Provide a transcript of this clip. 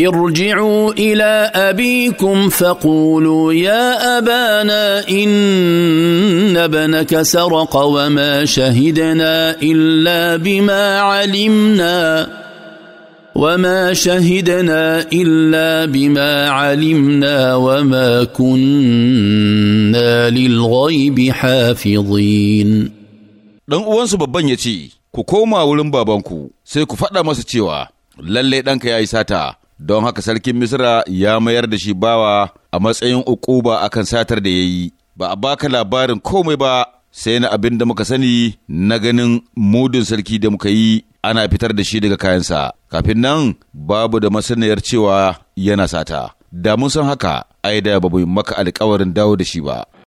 ارجعوا الى ابيكم فقولوا يا ابانا ان ابنك سرق وما شهدنا الا بما علمنا وما شهدنا الا بما علمنا وما كنا للغيب حافظين dan uwansu babban ya ce ku koma wurin babanku sai ku faɗa masa cewa lallai ɗanka ya yi sata don haka sarkin Misra ya mayar da shi bawa a matsayin ukuba kan satar da ya yi, ba a baka labarin komai ba sai na abin da muka sani na ganin mudun sarki da muka yi ana fitar da shi daga kayansa, kafin nan babu da masaniyar cewa yana sata. Da mun san haka, ai da babu maka alkawarin dawo da shi ba.